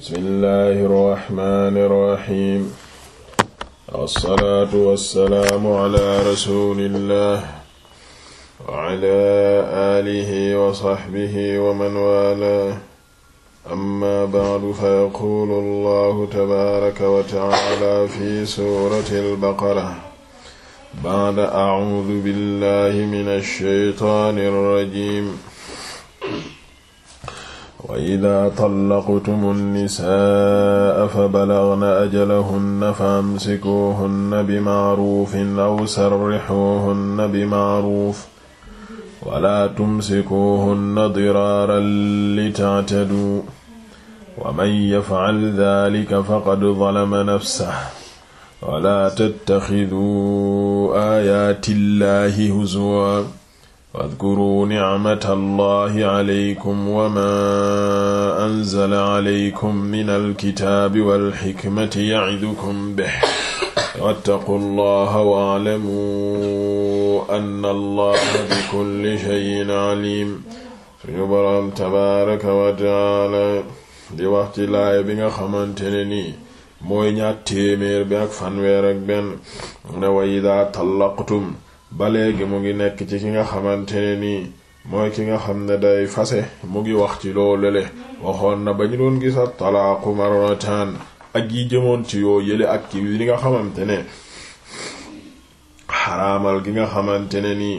bismillahi irrahmani irrahim alsalaatu wassalaamu ala rasulillah wala alihi wa saxbihi wa man wala amma bacdu fa yaquulu allahu tabaaraka wa tacaala fi surati albaqara bacda acuudu billahi min alshaytaani arrajim wa ida tallaqtumu nnisaa fa balagna ajalahunna fa amsikuhunna bimaarufin aw sarrixuhunna bimaaruf wala tumsikuhunna diraaran litaataduu wa man yafcal dalika faqad zalama nafsahu wala tattaxiduu aayaati llahi huzwa wadkuruu nicmata allahi calaykum wama anzala calaykum min alkitaabi walxikmati yacidukum bih wattaqu allaha waclamuu anna allaha bikulli shayin calim suñu boroom tabaaraka wa tacaala di wax ci laaya bi nga xamante ne nii mooy ñaat téeméer bi ak fanweer ak benn ne wa idaa tallaqtum ba léegi mu ngi nekk ci ki nga xamante ne nii mooy ki nga xam ne day fase mu ngi wax ci loolu le waxoon na ba ñu doon gis ak talaaqu marratan ak yi jëmoon ci yoo yële ak ci li nga xamante ne xaraamal gi nga xamante ne ni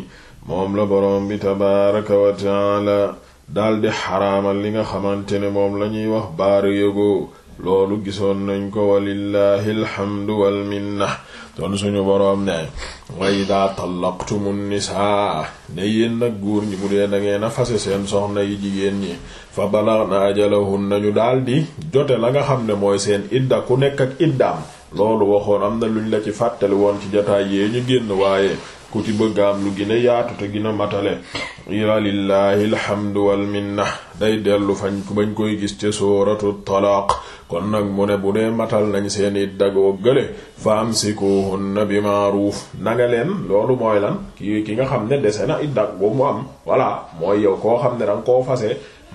moom la boroom bi tabaaraka wa taala daldi xaraamal li nga xamante ne moom la ñuy wax baar yëgoo loolu gisoon nañ ko walillahi alhamdu wal kon suñu boroom ne wa idaa tallaqtumu nisaa ne yéen nag góor ñi bu dee da ngeen a fase seen soxna yi jigéen ñi fa balagna ajalahunna ñu daldi jote la nga xam ne mooy seen idda ku nekk ak iddaam loolu waxoon am na luñ la ci fàttali woon ci jotaay yee ñu génn waaye ku ci bëgg am lu gina yaatu te gina matale walillahi alhamdu wal minna day dellu fañ bañ koy gis ca suuratu talaaq kon nag mu ne bu dee matal nañ seen i dagoo gële fa amsikuhunna bi ma'ruf na nga leen loolu mooy lan ki ki nga xam ne dese na it dag boobu mu am voilà mooy yow koo xam ne danga koo fase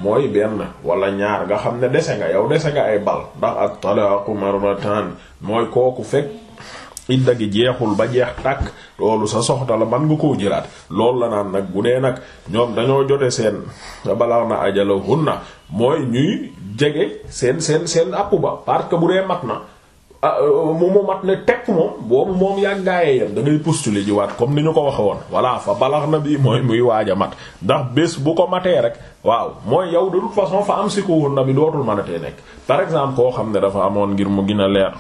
mooy benn wala ñaar nga xam ne dese nga yow dese nga ay bal ndax at talaaqu marratan mooy kooku fekk idda gi jeexul ba jeex tàkk loolu sa soxna la man nga koo jëlaat loolu la naan nag bu dee nag ñoom dañoo jote seen balaax na ajalahunna mooy ñuy jege seen seen seen àpp ba parce que bu dee mat na ah, euh, mu mu mat ne tekk moom boobu moom yàggaaye yam da ngay postuler ji waat comme ni ñu ko waxee woon voilà fa balax na bi mooy muy waaja mat ndax bés bu ko matee rek waaw mooy yow du toute façon fa am si ko woon na bi dootul mënatee nekk par exemple koo xam ne dafa amoon ngir mu gën a leer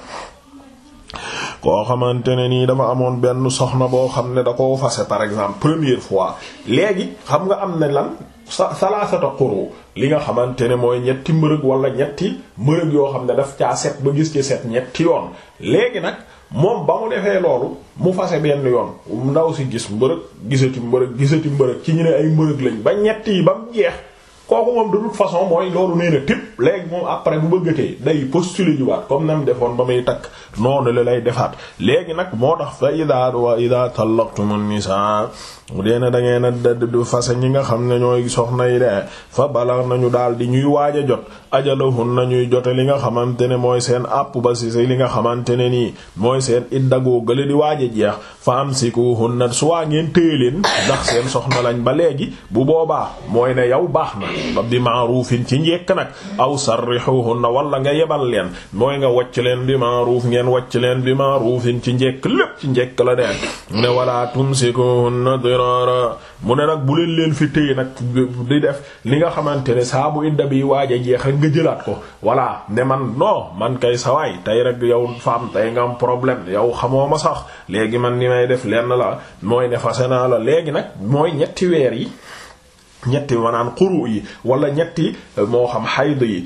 boo xamante ne nii dafa amoon benn soxna boo xam ne da koo fase par exemple première fois léegi xam nga am na lan sa salaasata xuru li nga xamante ne mooy ñetti mbërëg wala ñetti mbërëg yoo xam ne daf caa set ba gis ci set ñetti yoon léegi nag moom ba mu defee loolu mu fase benn yoon ndaw si gis mbërëg gisati mbërëg gisati mbërëg ci ñu ne ay mbërëg lañ ba ñetti yi ba mu jeex kooku moom de toute façon mooy loolu nee na tip léegi moom après bu bëggatee day postuler jiwaat comme nam defoon ba muy takk noonu la lay defaat léegi nag moo tax fa ida wa ida tallaqtumun nisaa mu deena da ngeen a du fase ñi nga xam ne ñooy soxna yi de fa balax nañu daal di ñuy waaj a jot ajalahun nañuy jote li nga xamante ne mooy seen àpp ba si li nga xamante ne nii mooy seen it iddagoo gële di waaj a jeex fa am si amsikuhunna suwaa ngeen téye leen ndax seen soxna lañ ba léegi bu boobaa mooy ne yow baax na bi ma'rufin ci njekk nag aw sarrihuhunna wala nga yebal leen mooy nga wacc leen bi ma'ruf ngeen wacc leen bi ma'rufin ci njekk lépp ci njekk la dee mu ne wala tumsikuhunna dirara mu ne nag bu leen leen fi téye nag di def li nga xamante ne saabu bu idda bi waaj a jeex rek nga jëlaat ko voilà ne man non man kay sawaay tey rek yow faam tey nga am problème yow xamoo ma sax léegi man ni may def lenn la mooy ne fase naa la léegi nag mooy ñetti weer yi ñetti wanaan xuru yi wala ñetti eh, moo xam xayd yi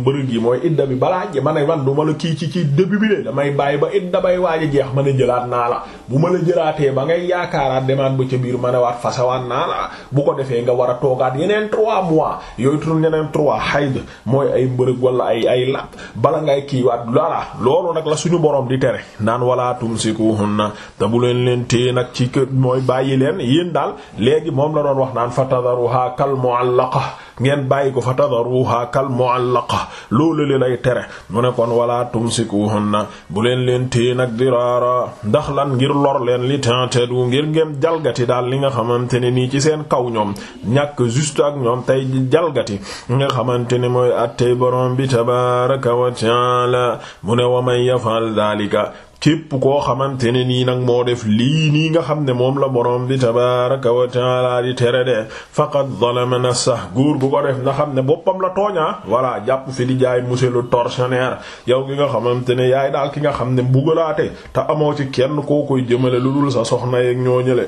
mbërëg yi mooy idda bi balaa ma ne man du ma la kii ci ci début bi de damay bàyyi ba idda bay waaj a jeex ma ne jëlaat naa la bu ma la jëlaatee ba ngay yaakaaraat demaat ba ca biir ma ne waat fasawaat naa la bu ko defee nga war a toogaat yeneen trois mois yooyu tudd yeneen trois xayd mooy ay mbërëg wala ay ay lapp bala ngay kiiwaat voilà loolu nag la suñu borom di tere naan wala tumsikuhunna te bu leen leen nag ci kër mooy bàyyi leen yéen daal léegi moom la doon wax fa tadaruha kal mu'allaqa ngeen bàyyi ko fa tadaruha kal mu'allaqa loolu li lay tere mu ne kon wala tumsikuhunna bu leen leen téye nag diraara ndax lan ngir lor leen li tented wu ngir ngeen jalgati daal li nga xamante ne nii ci seen kaw ñoom ñakk juste ak ñoom tey jalgati nga xamante ne mooy attey borom bi tabaraka wa taala mu ne wa man yafal daalika képp koo xamante ne nii nag moo def lii nii nga xam ne moom la borom bi tabaraka wa taala di tere de faqad zalama nafsah góor gu du ko def nga xam ne boppam la tooñaa voilà jàpp fi di jaay monsieur le tortionnaire yow gi nga xamante ne yaay daal ki nga xam ne mbugalaate te amoo ci kenn koo koy jëmale lu dul sa soxna yeeg ñoo ñële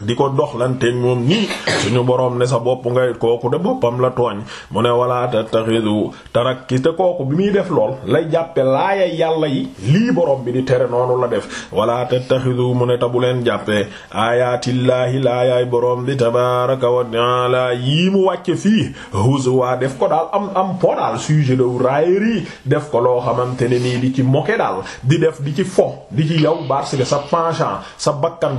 di ko doxlanteeg moom nii suñu boroom ne sa bopp ngay kooku de boppam la tooñ mu ne wala tattaxidu tarakki te kooku bi muy def lool lay jàppe laaya yàlla yi lii boroom bi di tere noonu la def wala tattaxidu mu ne ta bu leen jàppe ayatillaahi laayaay boroom bi tabaraka wa taala yii mu wàcce fii huzwa def ko daal am am po daal sujet lewu def ko loo xamante ne nii di ci moke daal di def di ci fo di ci yow parce sa penchant sa bakkan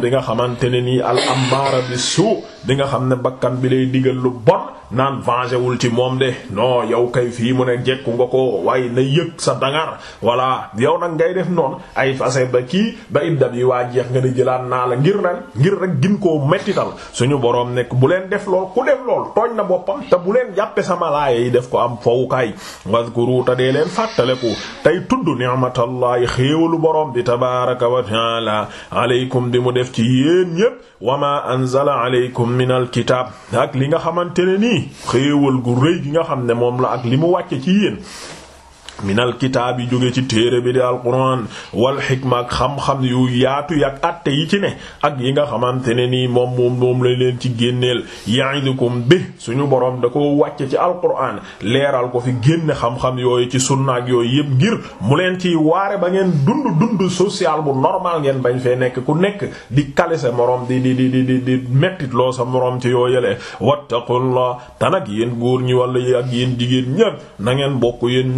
amaara bi suu di nga xam ne bakkan bi lay digal lu bon naan vengé wul ci moom de non yow kay fii mu ne jekku nga ko waaye na yëg sa dangar voilà yow nag ngay def noon ay fase ba kii ba ibdam yi waa jeex nga ne jëlaat naa la ngir ren ngir rek gin koo mettital suñu boroom nekk bu leen def lool ku def lool tooñ na boppam te bu leen jàppe sama laaya yi def ko am fowukaay wazkuru te dee leen fàttaleku tey tudd ni'matallahi xéewalu boroom bi tabaraka wa taala aleykum bi mu def ci yéen ñépp wa ma anzala aleykum min alkitab nii xéewal gu rëy gi nga xam ne moom la ak li mu wàcce ci yéen minal kitaab yi jóge ci téere bi di alquran wal xikma ak xam-xam yu yaatu yak atte yi ci ne ak yi nga xamante ne nii moom moom moom lañ leen ci génneel ya'idukum bi suñu borom da ko wàcce ci alquran leeral ko fi génne xam-xam yooyu ci sunna ak yooyu yëpp ngir mu leen ci waare ba ngeen dund dund social bu normal ngeen bañ fee nekk ku nekk di kale moroom morom di di di di di mettit loo sa morom ci yooyale wattaqullah tanak yéen góor ñi wala ak yéen jigéen ñépp bokk yéen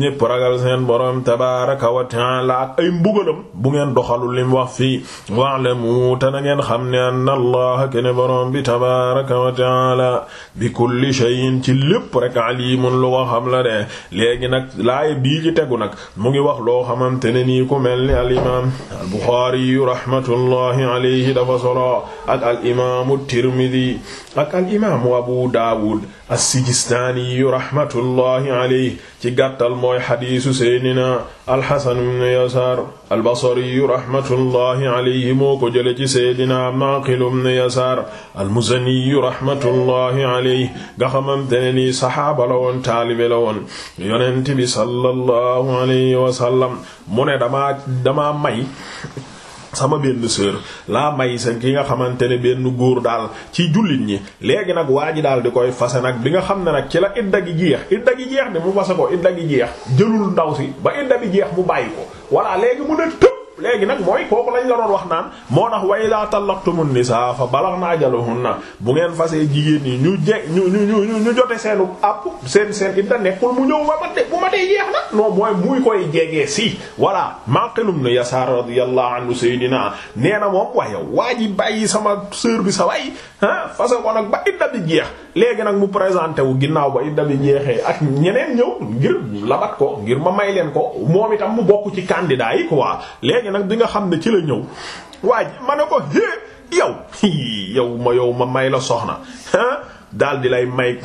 ragal seen borom tabaaraka wa ta'ala ak ay mbugalam bu ngeen doxalu lim wax fii wa'lamu te na ngeen xam ne anna allaha kene borom bi tabaaraka wa ta'ala bi kulli shay'in ci lépp rek alimun lu ko xam la de léegi nag laay bii ci tegu nag mu ngi wax loo xamante ne nii ku mel ni al imam al Buxaari rahmatullahi alayhi dafa solo ak al imaamu Tirmidi ak al imaamu Abu Daawud as-Sijistaani rahmatullahi alayhi ci gàttal mooy xadiis hadiisu seydina alxasan ibnu yasaar albasariyu rahmatullahi alayhi moo ko jële ci seydina maaqilu ibnu yasaar almuzaniyu rahmatullahi alayhi nga xamante ne nii saxaaba la woon taalibe la woon yonent bi sallallahu alayhi wa sallam mu ne dama dama may sama benn sœur laa may sa ki nga xamante ne benn góor daal ci jullit ñi léegi nag waa ji daal di koy fase nag bi nga xam ne nag ci la idda gi jeex idda gi jeex de mu fase ko idda gi jeex jëlul ndaw si ba idda bi jeex mu bàyyi ko voilà léegi mu ne tëb léegi nag mooy kooku lañ la doon wax naan moo tax wa iza tallaqtumun saa fa balaghna ajalahunna bu ngeen fasee jigéen ñi ñu je ñu ñu ñu ñu jote seenu àpp seen seen idda nekkul mu ñëw ba ma de bu ma dee jeex na non mooy muy koy jegee si voilà maqilum nu yasaar radiyallahu anhu sayidina nee na moom waaye waa ji bàyyi sama sœur bi sa way ah fase ko ba idda bi jeex léegi nag mu présenté wu ginnaaw ba idda bi jeexee ak ñeneen ñëw ngir labat ko ngir ma may leen ko moom itam mu bokk ci candidat léegi nag bi nga xam ne ci la ñëw waa ji ma ne ko hé yow yow ma yow ma may la soxna daal di lay may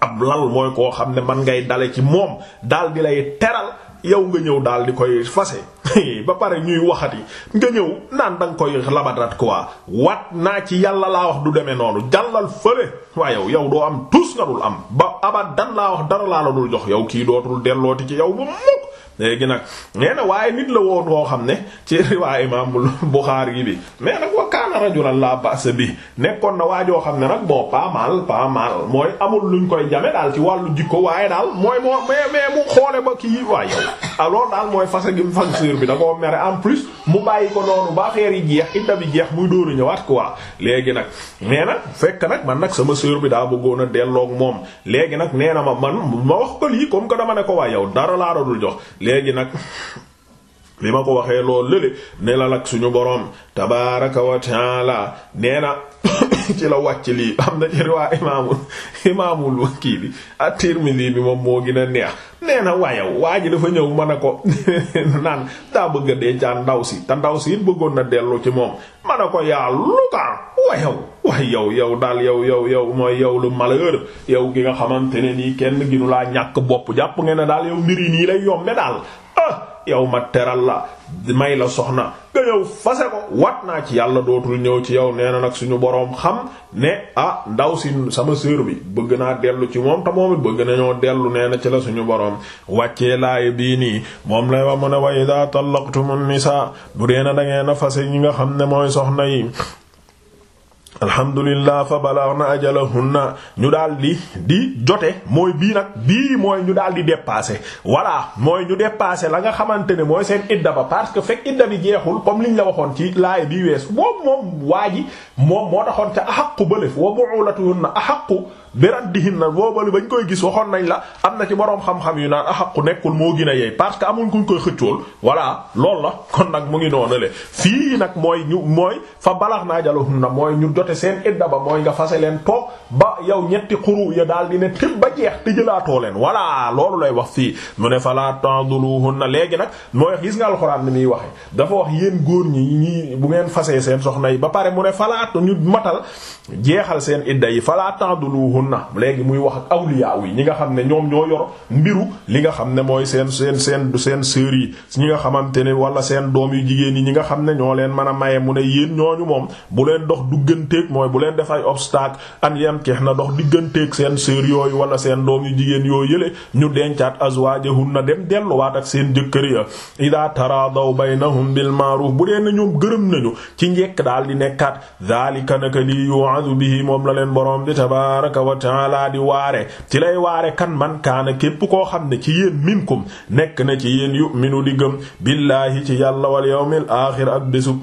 ab lal mooy koo xam ne man ngay dale ci moom daal di lay teral yow nga ñëw daal di koy fase ba pare ñuy waxat waxati nga ñëw naan da nga koy labadat quoi wat naa ci yàlla laa wax du demee noonu jàllal fële waa yow yow doo am tus nga dul am ba dan laa wax dara laa la dul jox yow kii dootul dellooti ci yow ba mukk léegi nag nee na waaye nit la woon woo xam ne ci riwaay imam Bukhari bi mais nag wa kaana rajulan la ba'sa bi nekkoon na waajoo xam ne nag bon pas mal pas mal mooy amul luñ koy jame daal ci wàllu jikko waaye daal mooy moo mais mais mu xoole ba kii waaye yow alors daal mooy fase gi mu fanseur bi da ko mere en plus mu bàyyi ko noonu ba xeer yi jeex idda bi jeex muy dóoru ñëwaat quoi léegi nag nee na fekk nag man nag sama sœur bi daa bëggoon a delloog moom léegi nag nee na ma man ma wax ko lii comme que dama ne ko waaye yow dara laa dul jox léegi nag bi ma ko waxee loolu lële ne la lak suñu boroom tabaaraka wa taala nee ci la wàcc lii am na ci riwaa imaamul imaamul kii bi at-Tirmidhi bi moom moo gën a neex nee na waayow waa ji dafa ñëw mën a ko naan daa bëgg a ndaw si te ndaw si it bëggoon na dellu ci moom mën ko yaa lukaan wayow way yow yow daal yow yow yow mooy yow lu malheur yow gi nga xamante ne nii kenn ginu laa ñàkk bopp jàpp ngeen ne daal yow mbir yi nii lay yombe daal ah yow ma teral la may la soxna nga ñëw fase ko wat naa ci yàlla dootul ñëw ci yow nee na nag suñu boroom xam ne a ah, ndaw si sama sœur bi bëgg naa dellu ci moom te moom it bëgg nañoo dellu nee na ci la suñu boroom wàcce laay bii nii moom lay wax mu ne wa idha tallaqtumun nisaa bu dee na da ngeen a fase ñi nga xam ne mooy soxna yi alhamdulillah fa balagna ajalahunna ñu daal di di jote mooy bii nag bii mooy ñu daal di dépassé voilà mooy ñu dépassé la nga xamante ne mooy seen idda ba parce que fekk idda bi jeexul comme liñ la waxoon ci laay bii weesu boobu moom waa ji moom moo taxoon ca axaqu bëlef wa bu'ulatuhunna axaqu di biradihin na boobalu bañ koy gis waxoon nañ la am na ci boroom xam-xam yu naan a axaqu nekkul moo gën a yey parce que amuñ kuñ koy xëccool voilà loolu la kon nag mu ngi noonale fii nag mooy ñu mooy fa balax naa jalahun na mooy ñu jote seen idda ba mooy nga fase leen toog ba yow ñetti xuru ya daal di ne ba jeex te jëlaatoo leen voilà loolu lay wax fii mu ne falaa taduluhun na léegi nag mooy gis nga alxuraan ni muy waxe dafa wax yéen góor ñi ñi bu ngeen fasee seen soxna yi ba pare mu ne falaa ñu matal jeexal seen idda yi falaa taduluhun mun na léegi muy wax ak awliyaaw yi ñi nga xam ne ñoom ñoo yor mbiru li nga xam ne mooy seen seen seen seen sœurs yi ñi nga xamante ne wala seen doom yu jigéen yi ñi nga xam ne ñoo leen mën a maye mu ne yéen ñooñu moom bu leen dox dugganteeg mooy bu leen def ay obstacle an yam keex na dox digganteeg seen sœurs yooyu wala seen doom yu jigéen yooyu yële ñu dencaat azwaajahunna dem delluwaat ak seen jëkkër yi ya ida taradaw baynahum bil ma'ruf bu dee na ñoom gërëm nañu ci njekk daal wa ta'ala di waare ci lay waare kan man kaana képp koo xam ne ci yéen minkum nekk na ci yéen yu'minu di gëm billaahi ci yàlla wal yawmil aaxir ak bésub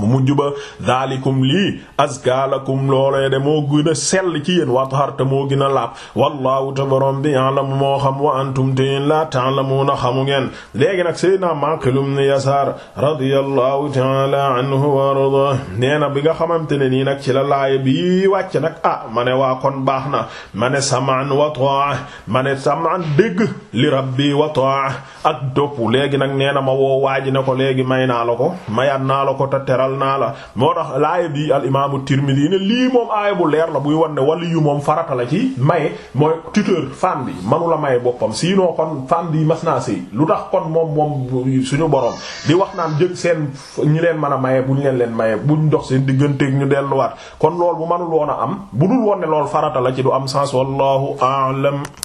mu mujj ba daalikum lii azkaalakum loolee de moo gën a sell ci yéen watharta moo gën a laab wallahu te borom bi ya'lamu moo xam wa antum te yéen laa ta'lamuuna xamu ngeen léegi nag Seydina Maqil ibn Yasaar radiyallahu ta'ala anhu wa arda nee na bi nga xamante ne nii nag ci la laaya bi wàcc nag ah ma ne waa kon baax na ma ne samaan wa ta'a ma ne samaan dégg li rabbi wa ta'a ak dopp léegi nag nee na ma woo waaji ne ko léegi may naa la ko mayaat naa la ko ta leeral naa la moo tax laaya bi al imaamu Tirmidhi ne lii moom aaya bu leer la buy wan ne wali yu moom farata la ci maye mooy tuteur femme bi manu la maye boppam sinon kon femme bi mas naa sëy lu tax kon moom moom suñu borom di wax naan jëg seen ñi leen mën a maye bu ñu leen leen maye buñ dox seen digganteeg ñu delluwaat kon lool bu manul woon a am bu dul woon ne lool farata la ci du am sens wallahu a'lam